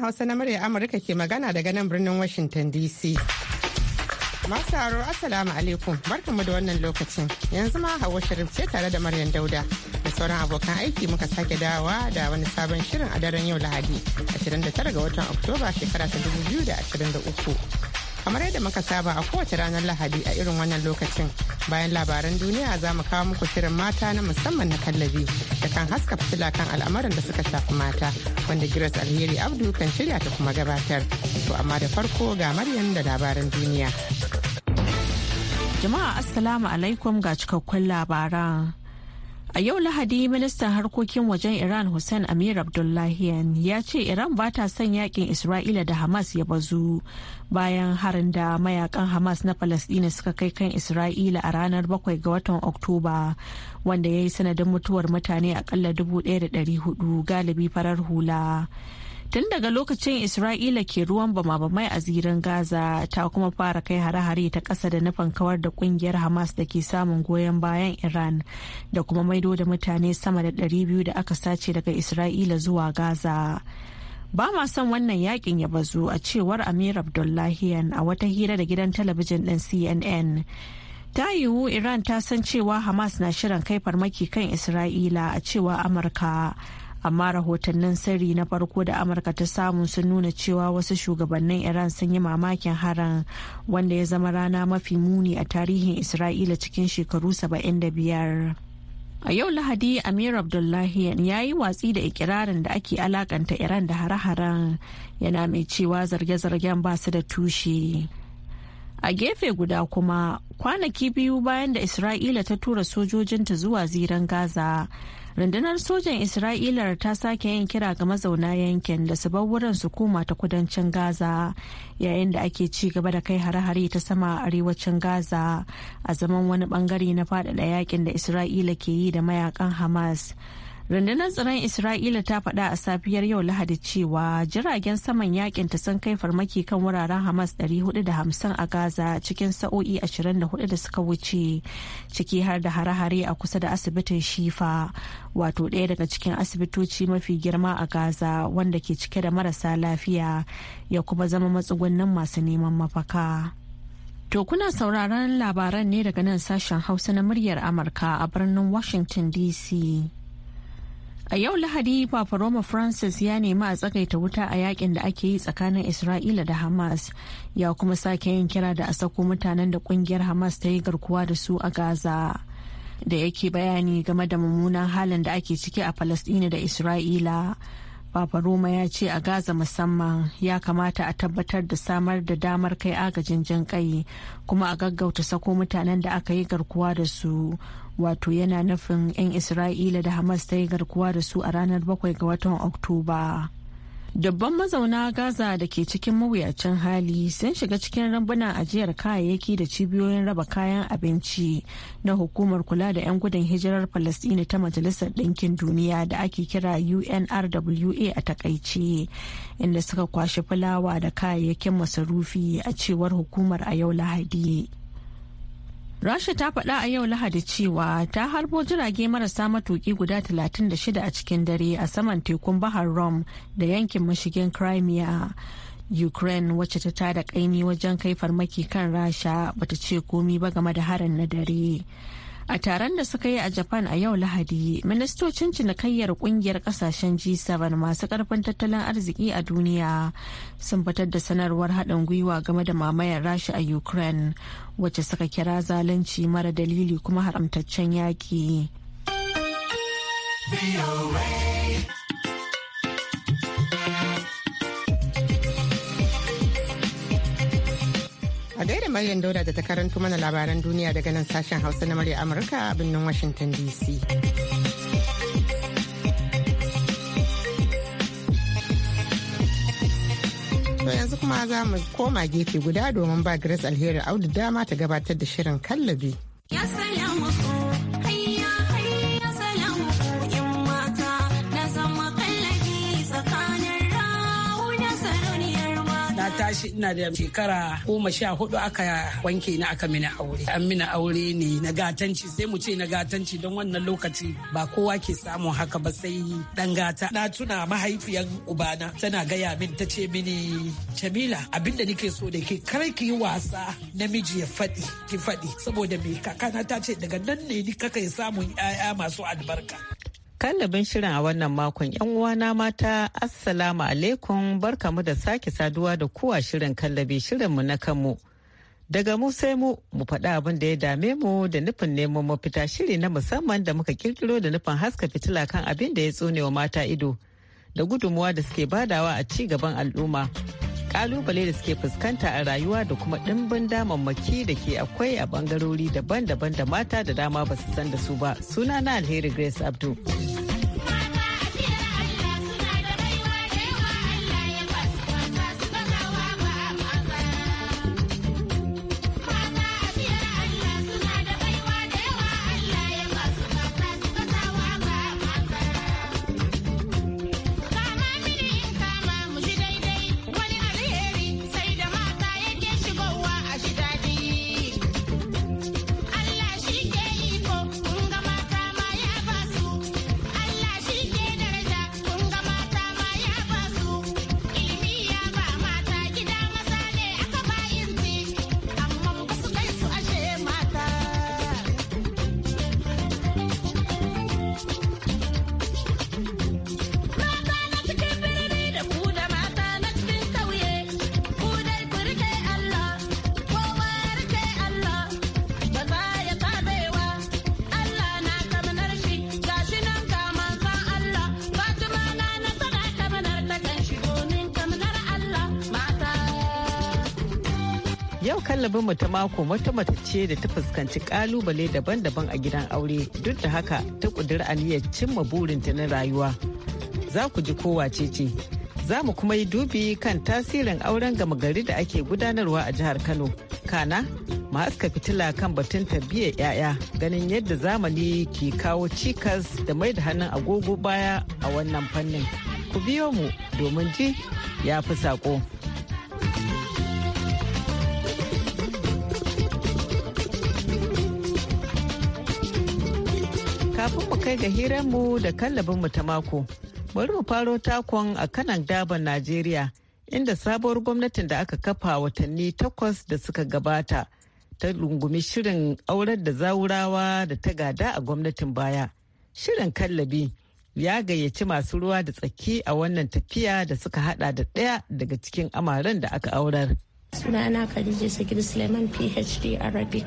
Hausa na murya Amurka ke magana daga nan birnin Washington DC. Masu haro Assalamu alaikum barkanmu da wannan lokacin yanzu ma Hauwa Shirin ce tare da Maryam Dauda da sauran abokan aiki muka sake dawa da wani sabon shirin a daren yau Lahadi 29 ga watan Oktoba shekara ta 2023. kamar yadda muka saba a kowace ranar lahadi a irin wannan lokacin bayan labaran duniya za mu kawo muku shirin mata na musamman na kallabi da kan haska fitila kan al'amuran da suka shafi mata wanda giras alheri abdu kan shirya ta kuma gabatar to amma da farko ga maryam da labaran duniya jama'a assalamu alaikum ga cikakkun labaran A yau Lahadi ministan harkokin wajen Iran Hussein Amir Abdullahian ya ce Iran ba ta son yakin Isra'ila da Hamas ya bazu bayan harin da mayakan Hamas na Falasɗina suka kai kan Isra'ila a ranar 7 ga watan Oktoba wanda ya yi sanadin mutuwar mutane akalla 1,400 galibi farar hula. tun daga lokacin isra'ila ke ruwan bama-bamai a zirin gaza ta kuma fara kai hare-hare ta kasa da nufin kawar da kungiyar hamas da ke samun goyon bayan iran da kuma maido da mutane sama da 200 da aka sace daga isra'ila zuwa gaza ba ma son wannan yakin ya bazu a cewar amir abdullahian a wata hira da gidan talabijin ɗin cnn ta yiwu iran ta san cewa hamas na shirin kai farmaki kan isra'ila a cewa amurka amma rahotannin sirri na farko da amurka ta samu sun nuna cewa wasu shugabannin iran sun yi mamakin haran wanda ya zama rana mafi muni a tarihin isra'ila cikin shekaru 75 a yau lahadi amir abdullahi ya yi watsi da ikirarin da ake alakanta iran da hare-haren yana mai cewa zarge-zargen ba su da tushe a gefe guda kuma kwanaki biyu bayan da isra'ila ta tura sojojinta zuwa ziran gaza rundunar sojan isra'ila ta sake yin kira ga mazauna yankin da su bar wurin su koma ta kudancin gaza yayin da ake ci gaba da kai hare-hare ta sama a arewacin gaza a zaman wani bangare na faɗaɗa yakin da isra'ila ke yi da mayakan hamas rundunar tsaron isra'ila ta faɗa a safiyar yau lahadi cewa jiragen saman yakin ta sun kai farmaki kan wuraren hamas 450 a gaza cikin sa'o'i 24 da suka wuce ciki har da hare-hare a kusa da asibitin shifa wato ɗaya daga cikin asibitoci mafi girma a gaza wanda ke cike da marasa lafiya ya kuma zama matsugunnin masu neman mafaka. To kuna sauraron labaran ne daga nan sashen Hausa na muryar Amurka a birnin Washington DC. A yau Lahadi Papa Roma Francis ya nemi a tsakaita wuta a yakin da ake yi tsakanin Isra'ila da Hamas ya kuma sake yin kira da a sako mutanen da kungiyar Hamas ta yi garkuwa da su a Gaza. Da yake bayani game da mummunan halin da ake ciki a Falasɗina da Isra'ila. Papa Roma ya ce a Gaza musamman ya kamata a tabbatar da samar da damar kai agajin jin kai kuma a gaggauta sako mutanen da aka yi garkuwa da su wato yana nufin 'yan isra'ila da hamas ta yi garkuwa da su a ranar 7 ga watan oktoba dabban mazauna gaza da ke cikin mawuyacin hali sun shiga cikin rambunan ajiyar kayayyaki da cibiyoyin raba kayan abinci na hukumar kula da 'yan gudun hijirar falasdini ta majalisar ɗinkin duniya da ake kira unrwa a takaice inda suka kwashi fulawa da kayayyakin masarufi a cewar hukumar a yau lahadi Rasha ta faɗa a yau Lahadi cewa ta harbo jirage marasa matuƙi guda 36 a cikin dare a saman tekun Bahar Rum da yankin mashigin Crimea. Ukraine wacce ta tada ƙaimi wajen kai farmaki kan Rasha bata ce komi ba game da harin na dare. A taron da suka yi a Japan a yau Lahadi, ministocin cinikayyar kungiyar kasashen G7 masu karfin tattalin arziki a duniya sun fitar da sanarwar haɗin gwiwa game da mamayar Rasha a Ukraine, wacce suka kira zalunci mara dalili kuma haramtaccen yaƙi. A gaida Maryam Dauda da ta karanto mana labaran duniya daga nan sashen Hausa na murya Amurka a birnin Washington DC. To yanzu kuma za mu koma gefe guda domin ba Grace Alheri Audu dama ta gabatar da shirin kallabi. tashi ina da shekara goma sha hudu aka wanke ni aka mini aure an mini aure ne na gatanci sai mu ce na gatanci don wannan lokaci ba kowa ke samun haka ba sai dan gata na tuna mahaifiyar ubana tana gaya min ta ce mini jamila abinda nike so da ke kar ki yi wasa namiji ya faɗi ki faɗi saboda me kakana ta ce daga nan ne ni kaka ya samun 'ya'ya masu albarka Kallabin shirin a wannan makon ‘yan uwana mata, Assalamu alaikum barkamu da sake saduwa da kuwa shirin kallabi shirinmu na kanmu. Daga mu sai mu mu faɗa abin da ya dame mu da nufin neman mafita shiri na musamman da muka kirkiro da nufin haska fitila kan abin da ya tsone wa mata ido da gudunmuwa da suke badawa a ci gaban al'umma. kalubale da suke fuskanta a rayuwa da kuma ɗimbin damammaki da ke akwai a bangarori daban-daban da mata da dama ba su san da su ba. suna na Alheri Grace Abdul. Ɗalibin mu ta mako wata mace ce da ta fuskanci kalubale daban-daban a gidan aure duk da haka ta ƙudiri aniyar cimma burinta na rayuwa. Za ku ji kowa ce ce. Za mu kuma yi dubi kan tasirin auren gama gari da ake gudanarwa a jihar Kano. Kana, ma aska fitila kan batun tarbiyyar 'ya'ya ganin yadda zamani ke kawo cikas da mai da hannun agogo baya a wannan fannin. Ku biyo mu domin ji ya fi saƙo. kafin mu kai ga hiranmu da kallabin mu ta mako bari mu faro takon a kanan daban najeriya inda sabuwar gwamnatin da aka kafa watanni takwas da suka gabata ta rungumi shirin aurar da zaurawa da ta gada a gwamnatin baya shirin kallabi ya gayyaci masu ruwa da tsaki a wannan tafiya da suka hada da ɗaya daga cikin amaren da aka aurar sunana khadija sakir suleiman phd arabic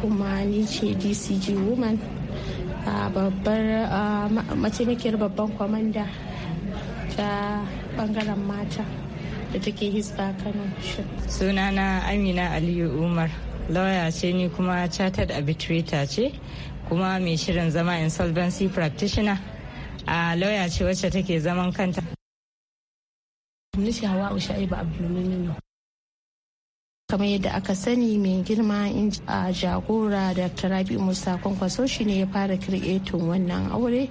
kuma ni ce dcg woman babbar mataimakiyar babban kwamanda ta bangaren mata da take hisba kano Suna na amina aliyu umar lawyer ce ni kuma chartered arbitrator ce kuma mai shirin zama insolvency practitioner a lauya ce wacce take zaman kanta. Nishawa Usha'iba Abdulmuminu. kamar yadda aka sani mai girma a jagora da rabi musa kwankwaso shi ne ya fara kiretin wannan aure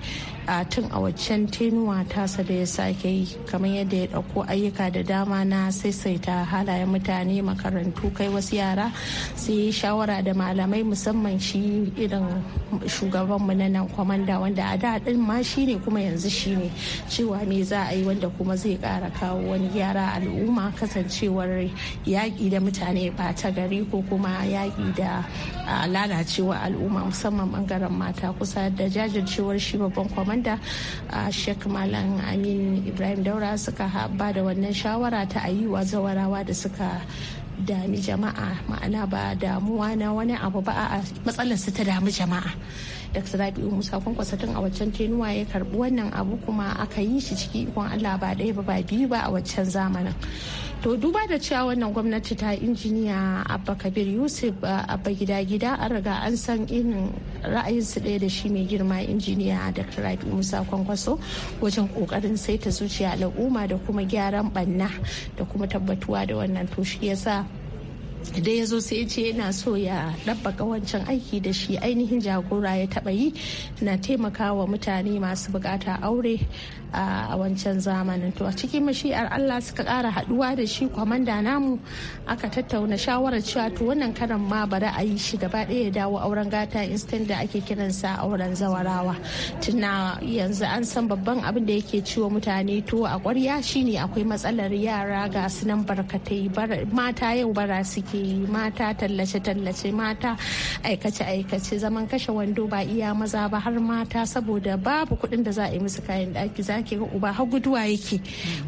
a tun a waccan tenuwa tasa da ya sake yi kamar yadda ya dauko ayyuka da dama na saisaita halayen mutane makarantu kai wasu yara su yi shawara da malamai musamman shi irin shugabanmu na nan kwamanda wanda a da din ma shi ne kuma yanzu shi ne cewa me za a yi wanda kuma zai kara kawo wani gyara al'umma kasancewar yaƙi da mutane ba ta gari ko kuma yaƙi da lalacewa al'umma musamman bangaren mata kusa da jajircewar shi babban kwamanda a uh, shek malam amin ibrahim daura suka ba da wannan shawara ta ayi wa zawarawa da suka dami jama'a ma'ana ba damuwa na wani abu ba a matsalarsu ta damu jama'a dr. biyu musa kwankwasa tun a waccan tenuwa ya karbi wannan abu kuma aka yi shi ciki ikon allah ba ɗaya ba ba biyu ba a waccan zamanin to duba da cewa wannan gwamnati ta injiniya abba kabir yusuf abba gida gida an riga an san irin ra'ayinsu ɗaya da shi mai girma injiniya dr. rabi musa kwankwaso wajen kokarin saita zuciya al'umma da kuma gyaran banna da kuma tabbatuwa da wannan to shi yasa da ya zo sai ya ce yana so ya ɗabbaka wancan aiki da shi ainihin jagora ya taɓa yi na taimakawa mutane masu bukata aure a wancan zamanin to a cikin mashi'ar Allah suka ƙara haɗuwa da shi kwamanda namu aka tattauna shawarar cewa to wannan karan ma bari a yi shi gaba ɗaya ya dawo auren gata instant da ake kiransa auren zawarawa tuna yanzu an san babban abin da yake ciwo mutane to a ƙwarya shine akwai matsalar yara ga sunan barkatai mata yau bara suke aiki mata tallace-tallace mata aikace-aikace zaman kashe wando ba iya maza ba har mata saboda babu kuɗin da za a yi musu kayan ɗaki za ki ga uba har guduwa yake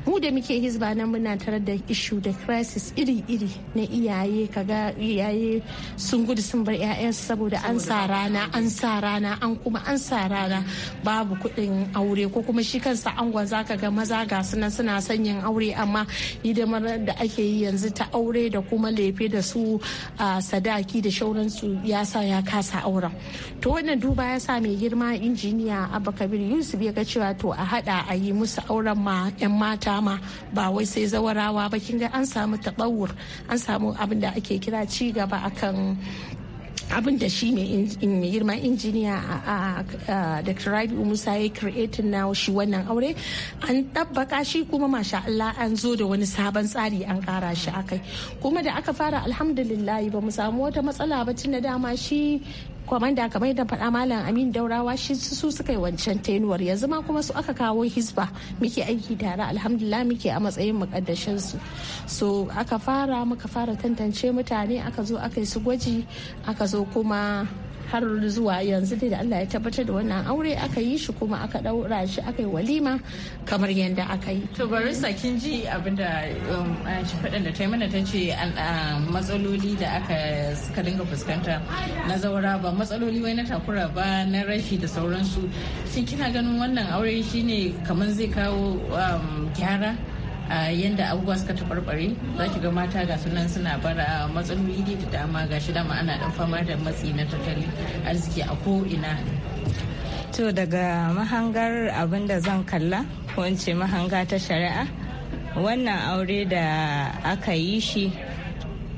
mu da muke hizba nan muna tare da ishu da crisis iri-iri na iyaye kaga iyaye sun gudu sun bar 'ya'yansu saboda an sa rana an sa rana an kuma an sa rana babu kuɗin aure ko kuma shi kansa angon zaka ga maza ga sunan suna son yin aure amma hidimar da ake yi yanzu ta aure da kuma lefe da su a sadaki da shauransu ya sa ya kasa auren to wannan duba ya sa mai girma injiniya abba kabir yusuf ya ga cewa to a hada a yi musu auren ma yan mata ma ba wai sai zawarawa ba kin ga an samu tabawur an samu abin da ake kira ci gaba akan abin da shi mai girma injiniya a dr rabi musa ya creating na shi wannan aure an tabbaka shi kuma masha Allah an zo da wani sabon tsari an kara shi akai kuma da aka fara alhamdulillah ba mu samu wata matsala ba tun da dama shi kwamanda kamar yadda faɗa malam amin daurawa shi su suka yi wancan tainuwar yanzu ma kuma su aka kawo hisba muke aiki tare alhamdulillah muke a matsayin mukaddashin su so aka fara muka fara tantance mutane aka zo aka yi su gwaji aka zo kuma har zuwa yanzu dai da Allah ya tabbatar da wannan aure aka yi shi kuma aka daura shi aka yi walima kamar yadda aka yi. To barista kin ji abinda um, shi faɗin da ta yi mana ta ce uh, matsaloli da aka suka dinga fuskanta na zaura ba matsaloli wai na takura ba na rashi da sauransu. Shin kina ganin wannan aure shine kamar zai kawo um, gyara? a yadda abubuwa suka taɓarɓare za ki ga mata ga sunan suna bara matsaloli da dama ga shi dama ana dan fama da matsi na tattalin arziki a ko ina to daga mahangar abin da zan kalla ko mahanga ta shari'a wannan aure da aka yi shi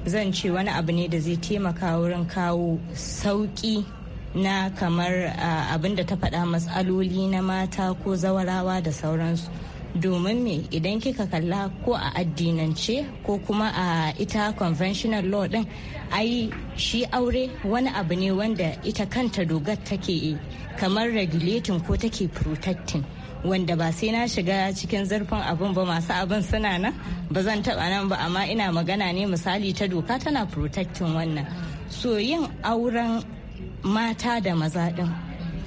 zan ce wani abu ne da zai taimaka wurin kawo sauƙi na kamar abin da ta faɗa matsaloli na mata ko zawarawa da sauransu domin me idan kika kalla ko a addinance ko kuma a ita conventional law din ai shi aure wani abu ne wanda ita kanta dogar take kamar regulating ko take protecting wanda ba sai na shiga cikin zurfin abin ba masu abin suna nan ba zan taba nan ba amma ina magana ne misali ta doka tana protecting wannan so yin auren mata da maza din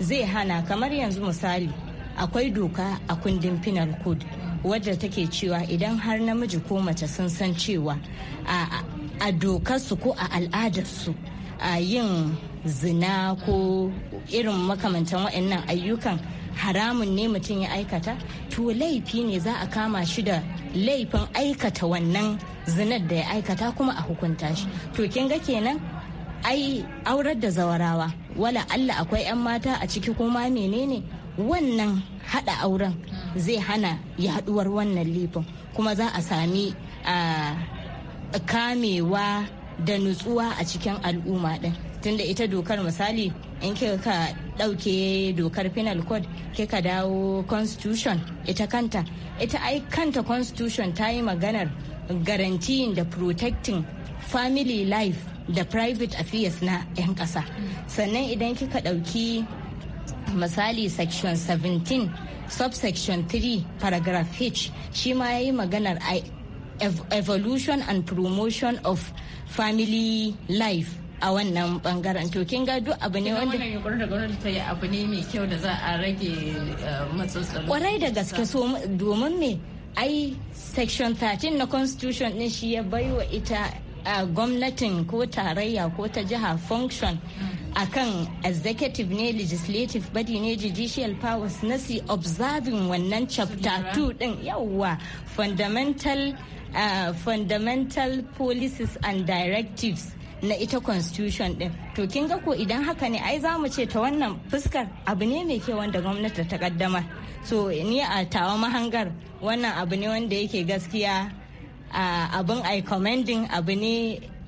zai hana kamar yanzu misali akwai doka a kundin penal code wadda take cewa idan har namiji ko mace sun san cewa a dokarsu ko a al'adarsu a yin zina ko irin makamantan waɗannan ayyukan haramun ne mutum ya aikata to laifi ne za a kama shi da laifin aikata wannan zinar da ya aikata kuma a hukunta shi to kin ga kenan ai aurar da zawarawa wala Allah akwai 'yan mata a ciki kuma menene wannan hada auren zai hana yaduwar wannan laifin kuma za a sami kamewa da nutsuwa a cikin al'umma din tunda ita dokar misali in kika dauke dokar penal code kika dawo constitution ita kanta ita ai kanta constitution ta yi maganar guaranteeing da protecting family life da private affairs na 'yan kasa sannan idan kika ɗauki misali section 17 subsection 3 paragraph h shi ma ya yi maganar evolution and promotion of family life a wannan bangaren to kin ga duk abu ne wanda wannan yunkurin da gwamnati ta yi abu ne mai kyau da za a rage eh, matsatsalo kwarai da gaske so domin me ai section 13 na constitution din shi ya baiwa ita a eh, gwamnatin ko tarayya ko ta jiha function mm. akan executive ne legislative body ne judicial powers na si observing wannan chapter 2 din yawwa fundamental uh, fundamental policies and directives na ita constitution din to kin ga ko idan haka ne ai za mu ce ta wannan fuskar abu ne mai kyau wanda gwamnati ta kaddama so ni a tawa mahangar wannan abu ne wanda yake gaskiya uh, abin I commending abu ne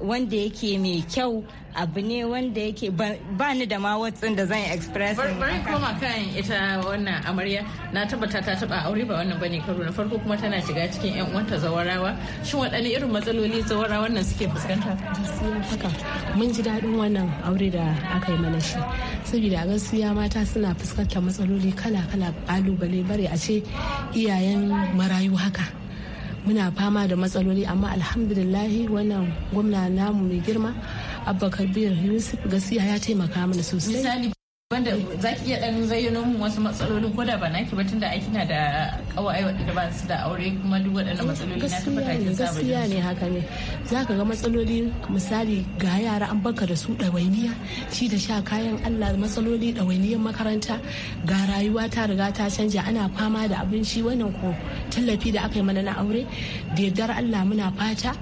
wanda yake mai kyau abu ne wanda yake ba ni da ma watsin da zan express bari koma kan ita wannan amarya na tabbata ta taba aure ba wannan bane karo na farko kuma tana shiga cikin yan uwanta zawarawa shin waɗanne irin matsaloli zawarawa wannan suke fuskanta haka mun ji daɗin wannan aure da aka yi mana shi saboda gaskiya mata suna fuskantar matsaloli kala kala kalubale bare a ce iyayen marayu haka muna fama da matsaloli amma alhamdulillahi wannan gwamna namu mai girma abba kabir yusuf gaskiya ya taimaka mana sosai wanda za ki iya dan zayyano mun wasu matsalolin ko da ba naki ba tunda ai kina da kawai wadanda ba su da aure kuma duk waɗannan matsaloli na tabbata kin gaskiya ne haka ne za ka ga matsaloli misali ga yara an baka da su ɗawainiya ci da sha kayan Allah matsaloli ɗawainiyar makaranta ga rayuwa ta riga ta canja ana fama da abinci wannan ko tallafi da aka yi mana na aure da yardar Allah muna fata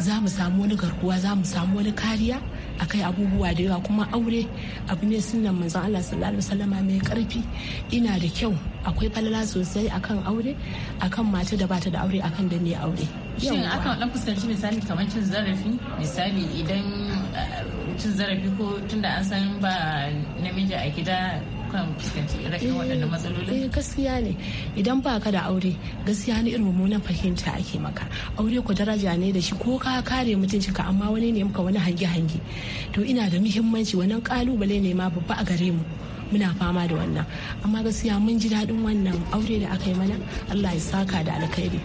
za mu samu wani garkuwa za mu samu wani kariya akai abubuwa da yawa kuma aure abu ne sunan manzon Allah sallallahu alaihi wasallama mai karfi ina da kyau akwai falala sosai akan aure akan mata da bata da aure akan da ne aure shin akan dan fuskanci misali kamar cin zarafi misali idan eh, cin zarafi ko tunda an san ba namiji a gida fuskanci irin waɗannan matsalolin? Eh gaskiya ne idan ba ka da aure gaskiya ne irin mummunan fahimta ake maka aure ku daraja ne da shi ko ka kare mutuncin ka amma wani ne maka wani hange hange to ina da muhimmanci wannan kalubale ne ma babba a gare mu muna fama da wannan amma gaskiya mun ji daɗin wannan aure da aka yi mana Allah ya saka da alkhairi.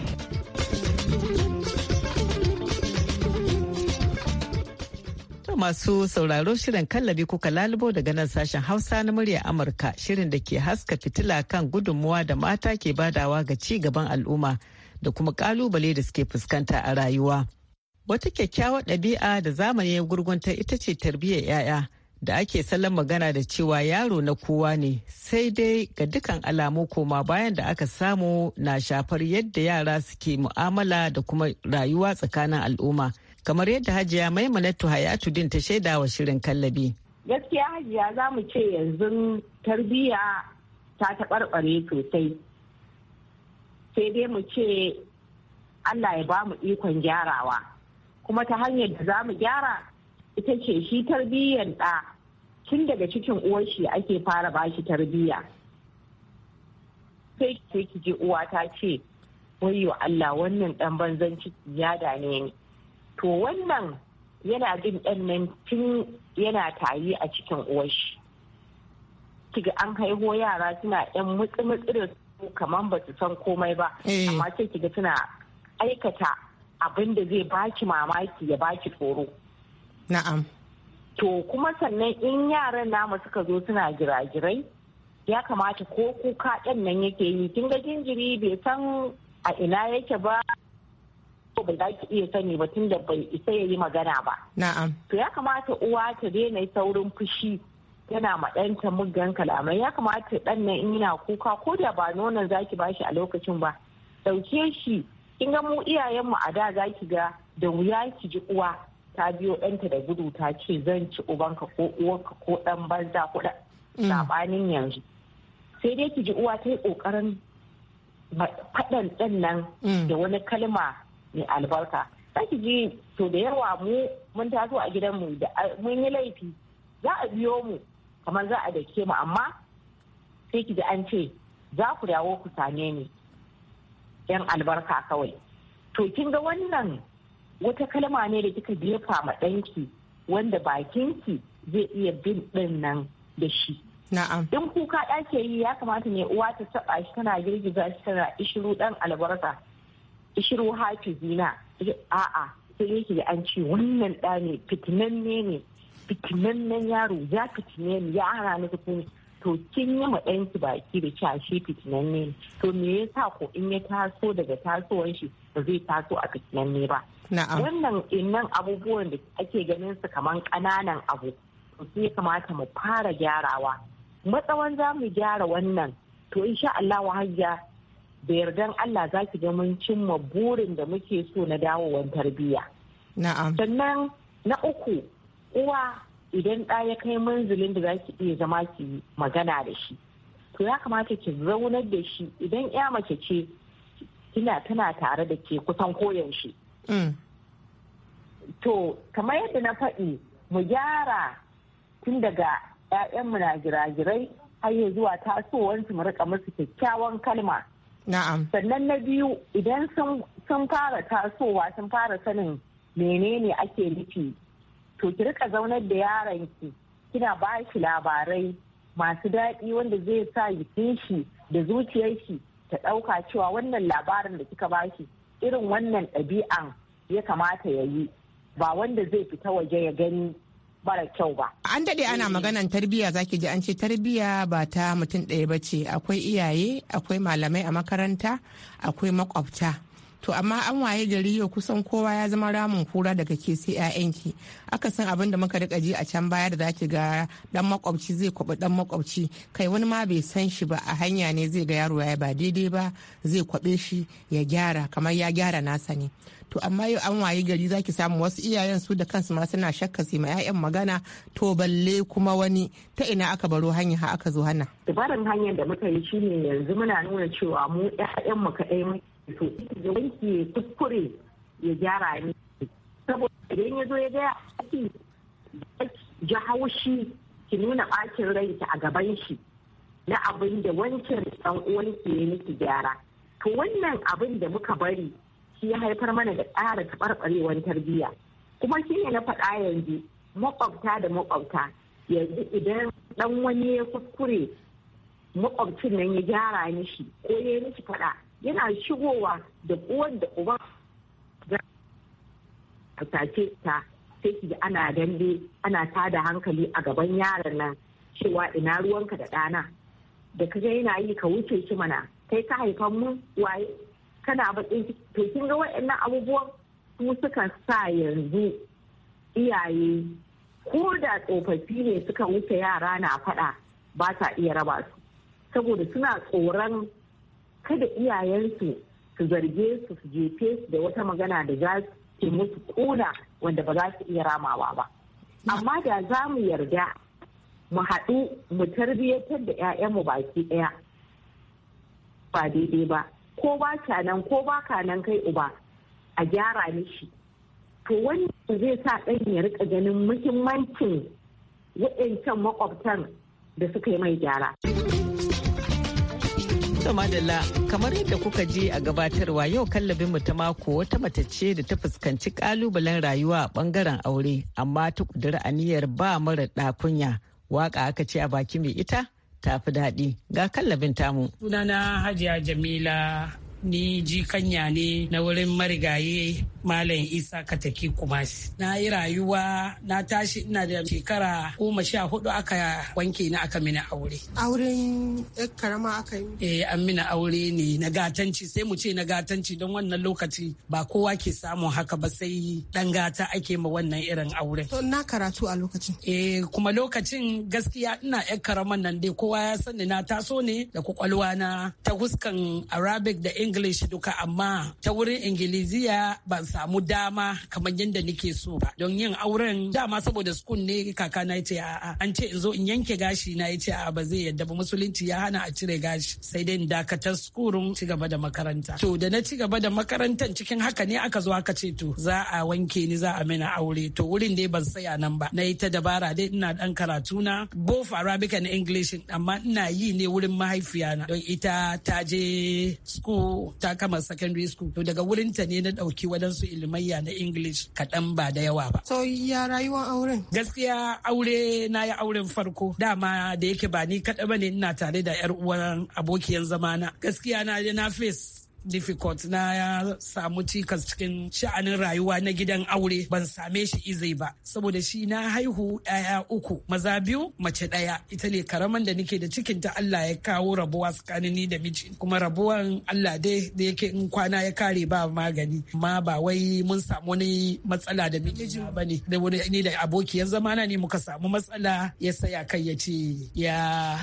masu sauraro shirin kallabi kuka lalubo daga nan sashen Hausa na murya Amurka shirin da ke haska fitila kan gudunmuwa da mata ke badawa ga ci gaban al'umma da kuma kalubale da suke fuskanta a rayuwa. Wata kyakkyawar ɗabi'a da zamani ya gurgunta ita ce tarbiyyar 'ya'ya da ake salon magana da cewa yaro na kowa ne sai dai ga dukan alamu koma bayan da aka samu na shafar yadda yara suke mu'amala da kuma rayuwa tsakanin al'umma. kamar yadda hajiya maimunatu hayatu din ta shaida wa shirin kallabi. gaskiya hajiya za mu ce yanzu tarbiyya ta taɓarɓare sosai sai dai mu ce allah ya ba mu ikon gyarawa kuma ta hanyar da za mu gyara ita ce shi tarbiyyar ɗa tun daga cikin uwarshi ake fara ba shi tarbiyya sai ki je uwa ta ce wayo allah wannan ɗan banzan ciki ya dane ni to wannan yana jin ɗan nan tun yana tayi a cikin uwashi kiga an haiho yara suna yan mutsi da su kamar ba su san komai ba eh. amma sai kiga suna aikata abin da zai baki mamaki ya baki tsoro na'am to kuma sannan in yaran namu suka zo suna gira-girai ya kamata ko kuka ɗan nan yake yi kin ga jinjiri bai san a ina yake ba ko ba za ki iya sani ba tun da bai isa ya yi magana ba. Na'am. To ya kamata uwa ta daina saurin fushi tana ma ɗanta muggan kalamai ya kamata ɗan nan in yana kuka ko da ba nonon zaki bashi a lokacin ba ɗauke shi in ga mu iyayen mu a da zaki ga da wuya ki ji uwa ta biyo ɗanta da gudu ta ce zan ci ubanka ko uwanka ko ɗan banza ko mm. sabanin yanzu sai dai ki ji uwa ta yi ƙoƙarin faɗan ɗan nan mm. da wani kalma mai albarka ki ji to da yawa mu mun taso a gidan mu da mun yi laifi za a biyo mu kamar za a dake mu amma sai ki ji an ce za ku dawo ku same ni yan albarka kawai to kin ga wannan wata kalma ne da kika jefa ma ɗanki wanda bakin ki zai iya bin din nan da shi Na'am. In kuka ɗake yi ya kamata ne uwa ta taɓa shi tana girgiza shi tana ishiru ɗan albarka. shiru zina? a'a sai yake an ce wannan ɗa ne fitinanne ne fitinannen yaro ya fitine ni ya hana ni to kin yi ma ɗanki baki da cewa shi fitinanne ne to me yasa ko in ya taso daga tasowar shi ba zai taso a fitinanne ba wannan innan abubuwan da ake ganin su kaman ƙananan abu to sai ya kamata mu fara gyarawa matsawan za mu gyara wannan to insha Allah hajiya da yardan Allah za ki ga mun cimma burin da muke so na dawowar tarbiyya. Na'am. Sannan na uku uwa idan ɗa ya kai manzilin da za ki iya zama ki magana da shi. To ya kamata ki zaunar da shi idan ya mace ce kina tana tare da ke kusan koyaushe. Mm. To kamar yadda na faɗi mu gyara tun daga mu na jirajirai har zuwa zuwa su mu rika musu kyakkyawan kalma. Na'am. Sannan na biyu idan sun fara tasowa sun fara sanin menene ake nufi to ki rika zaunar da yaron ki kina ba shi labarai masu daɗi wanda zai sa jikin shi da zuciyar shi ta ɗauka cewa wannan labarin da kika ba shi irin wannan ɗabi'an ya kamata ya yi ba wanda zai fita waje ya gani mara kyau ba. An daɗe ana eh. maganan tarbiyya zaki ji an ce tarbiyya ba ta mutum ɗaya ba ce akwai iyaye akwai malamai a makaranta akwai makwabta to amma an waye gari yau kusan kowa ya zama ramin kura daga ke sai 'ya'yanki aka san abin da muka rika ji a can baya da zaki ga dan makwabci zai kwabi dan makwabci kai wani ma bai san shi ba a hanya ne zai ga yaro ya ba daidai ba zai kwabe shi ya gyara kamar ya gyara nasa ne to amma yau an waye gari zaki samu wasu iyayen su da kansu ma suna shakka su ma 'ya'yan magana to balle kuma wani ta ina aka baro hanya ha aka zo hana dabarar hanyar da muka yi shine yanzu muna nuna cewa mu 'ya'yan mu kaɗai to ya kuskure ya gyara ni saboda idan ya zo ya gaya aki ji haushi ki nuna ɓacin ranki a gaban shi na abin da wancan ɗan uwanki ya miki gyara to wannan abin da muka bari shi ya haifar mana da ƙara taɓarɓarewar tarbiyya kuma shi ne na faɗa yanzu makwabta da makwabta yanzu idan ɗan wani ya kuskure maƙwabcin nan ya gyara mishi ko ya mishi faɗa yana shigowa da uwar da uba ga tace ta sai ki ana dambe ana tada hankali a gaban yaran nan cewa ina ruwanka da ɗana da kaje yana yi ka wuce shi mana kai ka haifan mu waye kana bakin to kin ga waɗannan abubuwan su suka sa yanzu iyaye ko da tsofaffi ne suka wuce yara na faɗa ba ta iya raba su saboda suna tsoron kada iyayensu su zarge su su jefe su da wata magana da za su musu koda wanda ba za su iya ramawa ba amma da za mu yarda mu haɗu mu tarbiyyatar da 'ya'yanmu baki ɗaya ba daidai ba ko ba ka nan ko ba ka nan kai uba a gyara mishi to wani zai sa ɗan ya rika ganin muhimmancin waɗancan makwabtan da suka yi mai gyara. To madalla kamar yadda kuka je a gabatarwa yau kallabin mu ta mako wata mace ce da ta fuskanci kalubalen rayuwa a bangaren aure amma ta kudura aniyar ba mara ɗakunya waka aka ce a baki mai ita tafi daɗi ga kallabin tamu. Sunana Hajiya Jamila ni ji kanya ne na wurin marigaye Malam Isa Kataki Kumasi. Na yi rayuwa na tashi ina da shekara goma sha hudu aka wanke ni aka mini aure. Auren karama aka yi? Eh an mini aure ne na gatanci sai mu ce na gatanci don wannan lokaci ba kowa ke samun haka ba sai dan gata ake ma wannan irin aure To na karatu a lokacin? Eh kuma lokacin gaskiya ina yar karaman nan dai kowa ya sani na taso ne da kwakwalwa na ta huskan Arabic da english duka amma ta wurin ingiliziya ban samu dama kamar yadda nake so ba don yin auren dama saboda school ne kaka na yace a'a an ce in zo in yanke gashi na yace a'a ba zai yadda ba musulunci ya hana a cire gashi sai dai in dakatar school ci gaba da makaranta to da na ci gaba da makarantar cikin haka ne aka zo aka ce to za a wanke ni za a mina aure to wurin dai ban tsaya nan ba na yi ta dabara dai ina dan karatu na both arabic and english amma ina yi ne wurin mahaifiyana don ita ta je school ta kama secondary school to daga wurin ta ne na dauki wadansu ilimayya na english kaɗan ba da yawa ba so ya rayuwar auren gaskiya aure na yi auren farko dama da yake ba ni kaɗa ne ina tare da yar uwan abokiyan zamana gaskiya na na face difficult na ya samu cikas cikin sha'anin rayuwa na gidan aure ban same shi izai ba saboda shi na haihu ɗaya uku maza biyu mace ɗaya ita ne karaman da nake da cikin ta Allah ya kawo rabuwa tsakanin ni da miji kuma rabuwan Allah dai da yake in kwana ya kare ba magani amma ba wai mun samu wani matsala da miji ba ne da wani ni da abokiyar zamana ne muka samu matsala ya saya kai ya ce ya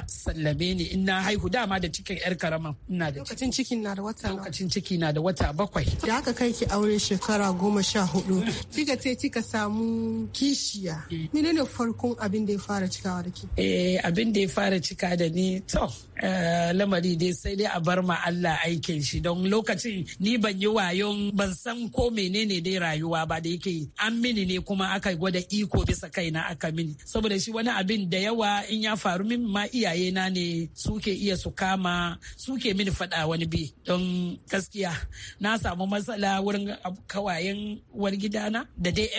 sallame ni in na haihu dama da cikin yar karaman ina da lokacin cikin na da wata lokacin ciki na da wata bakwai. Da aka kai ki aure shekara goma sha hudu kika ce kika samu kishiya. Eh. Menene farkon abin da ya fara cikawa da ki? Eh abin da ya fara cika da ni to Eh, lamari dai sai dai a bar ma Allah aikin shi don lokacin ni ban yi wayon ban san ko menene dai rayuwa ba da yake an mini ne kuma aka gwada iko bisa kai na aka mini saboda shi wani abin da yawa in ya faru min ma iyaye na ne suke iya su kama suke mini faɗa wani bi don gaskiya na samu matsala wurin kawayen war gidana da dai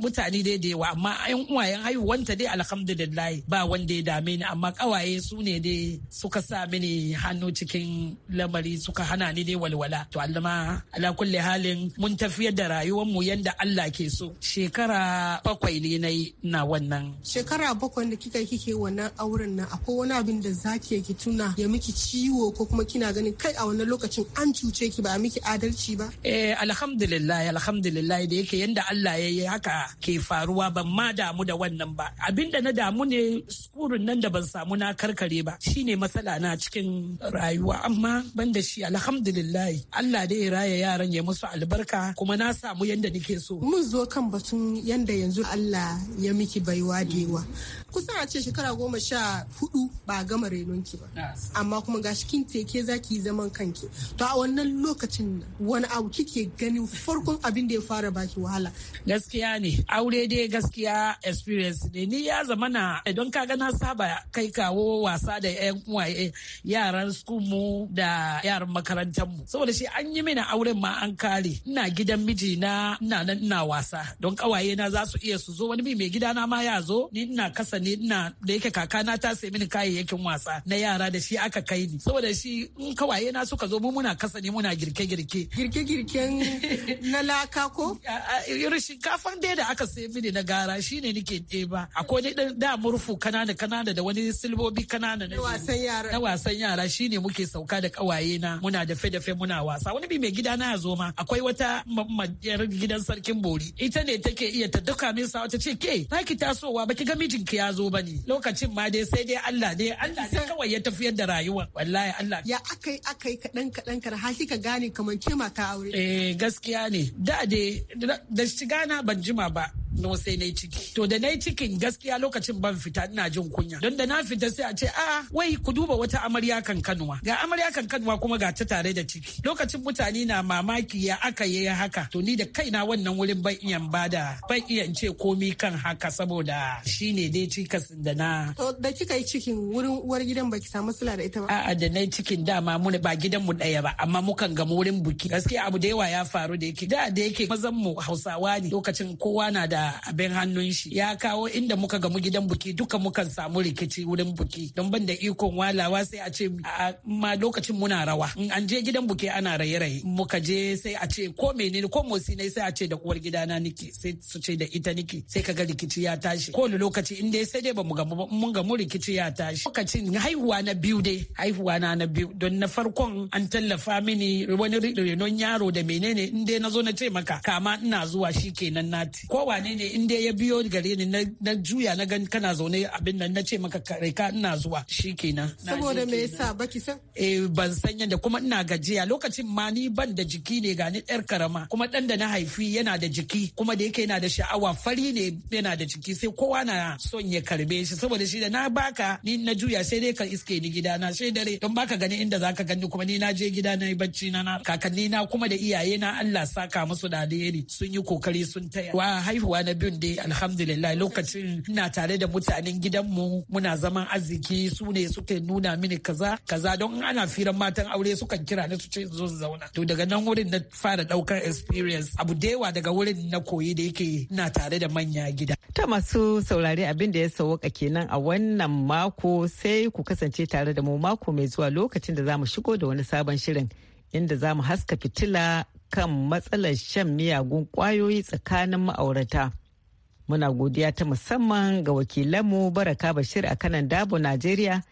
mutane dai da yawa amma yan uwayen haihuwanta dai alhamdulillah ba wanda ya dame ni amma kawaye su ne dai su suka sa mini hannu cikin lamari suka hana ni ne walwala to allama ala kulli halin mun tafiyar da rayuwar mu yanda Allah ke so shekara bakwai ne na na wannan shekara bakwai da kika kike wannan auren nan akwai wani abin da zaki ki tuna ya miki ciwo ko kuma kina ganin kai a wannan lokacin an cuce ki ba a miki adalci ba eh alhamdulillah alhamdulillah da yake yanda Allah ya yi haka ke faruwa ban ma damu da wannan ba abinda na damu ne skurin nan da ban samu na karkare ba shine matsala na cikin rayuwa amma ban da shi alhamdulillahi. Allah dai ya raya yaran ya musu albarka kuma na samu yanda nake so mun zo kan batun yanda yanzu Allah ya miki baiwa da yawa kusan a ce shekara goma sha hudu ba gama ki ba amma kuma shi kinte teke zaki zaman kanki to a wannan lokacin wani abu kike ganin farkon abin da ya fara baki wahala gaskiya ne aure dai gaskiya experience ne ni ya zamana idan ka ga na saba kai kawo wasa da yan uwa wa eh, yaran mu da yaran makarantar mu saboda shi an yi mini auren ma an kare ina gidan miji na ina nan ina wasa don kawaye na za su iya su zo wani bi mai gida na ma ya zo ni ina kasa ni ina da yake kaka na ta sai mini kayayyakin wasa na yara da shi aka kai ni saboda shi in kawaye na suka zo mu muna kasa ne muna girke girke girke girken na laka ko shinkafan dai da aka sai mini na gara shine nike ɗeba akwai da murfu kanana kanana da wani silbobi kanana na wasan yara na wasan yara shine muke sauka da kawaye na muna dafe dafe muna wasa wani bi mai gida na zo ma akwai wata yar gidan sarkin bori ita ne take iya ta duka min sa ta ce ke ki tasowa baki ga mijinki ya zo bane lokacin ma dai sai dai Allah ne Allah ne kawai ya tafiyar da rayuwa wallahi Allah ya akai akai kadan kadan kar har ka gane kaman ke ka aure eh gaskiya ne da dai da shiga na ban jima ba no sai na ciki to da na cikin gaskiya lokacin ban fita ina jin kunya don da na fita sai a ce a ah, wai ku duba wata amarya kanuwa. ga amarya kan kanuwa kuma ga ta tare da ciki lokacin mutane na mamaki ya aka yi haka to ni da kaina wannan wurin ban iya bada ban iya ce komi kan haka saboda shine dai cikas da na da kika yi cikin wurin uwar gidan baki samu sula da ita ba a'a da nayi cikin dama mu ba gidan mu daya ba amma mukan ga wurin buki gaskiya abu da yawa ya faru da yake da da yake mazan mu Hausawa ne lokacin kowa na da abin hannun shi ya kawo inda muka gamu gidan buki duka mukan samu rikici wurin buki don ban da ikon wani alawa sai a ce ma lokacin muna rawa an je gidan buke ana raye-raye muka je sai a ce ko menene ko motsi ne sai a ce da uwar na niki sai su ce da ita niki sai ka ga rikici ya tashi ko lokaci in dai sai dai bamu gamu ba mun gamu rikici ya tashi lokacin haihuwa na biyu dai haihuwa na na biyu don na farkon an tallafa mini wani renon yaro da menene in dai nazo na ce maka kama ina zuwa shikenan nati ko wane ne in dai ya biyo gare ni na juya na gan kana zaune abin nan na ce maka kare ka ina zuwa shikenan saboda me yasa baki san eh ban san yadda kuma ina gajiya lokacin ma ni ban da jiki ne ga ni yar karama kuma dan da na haifi yana da jiki kuma da yake yana da sha'awa fari ne yana da jiki sai kowa na son ya karbe shi saboda shi da na baka ni na juya sai dai ka iske ni gida na sai dare don baka gani inda zaka gani kuma ni na je gida na yi bacci na kakanni na kuma da iyaye na Allah saka musu da alheri sun yi kokari sun taya wa haihuwa na biyun dai alhamdulillah lokacin ina tare da mutanen gidan mu muna zaman arziki su ne suke nuna nuna mini kaza kaza don ana firan matan aure sukan kira ni su ce zo su zauna to daga nan wurin na fara daukar experience abu da daga wurin na koyi da yake na tare da manya gida ta masu saurare abin da ya sauka kenan a wannan mako sai ku kasance tare da mu mako mai zuwa lokacin da za mu shigo da wani sabon shirin inda za mu haska fitila kan matsalar shan miyagun kwayoyi tsakanin ma'aurata. Muna godiya ta musamman ga wakilanmu Baraka Bashir a kanan Dabo, Najeriya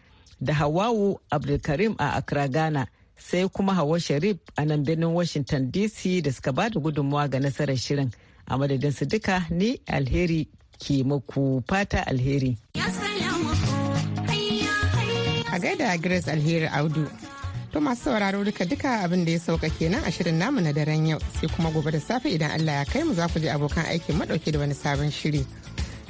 da Hawawu Abdulkarim a Accra Ghana sai kuma Hawa Sharif a nan birnin Washington DC da suka ba da gudunmawa ga nasarar shirin. A madadin su duka ni alheri ke muku fata alheri. A gaida Grace Alheri Audu. To masu sauraro duka duka abin da ya sauka kenan a shirin namu na daren yau sai kuma gobe da safe idan Allah ya kai mu za ku je abokan aikin madauke da wani sabon shiri.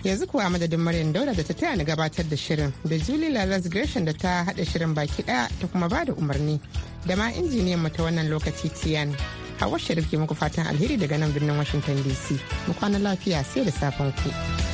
yanzu kuwa madadin maryam daura da ta taya ni gabatar da shirin da julie lalas gresham da ta haɗa shirin baki ɗaya ta kuma ba da umarni da ma injiniyan mu ta wannan lokaci tiyan hawa sharif ke muku fatan alheri daga nan birnin washington dc mu kwana lafiya sai da safen ku.